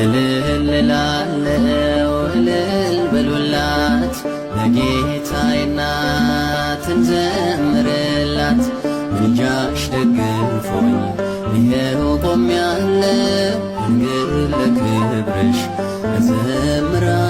እልል ላለው እልል በሉላት ለጌታዬ እናት እንዘምርላት። ምልጃሽ ደግፎኝ ይኸው ቆሜያለሁ ድንግል ለክብርሽ እዘምራለሁ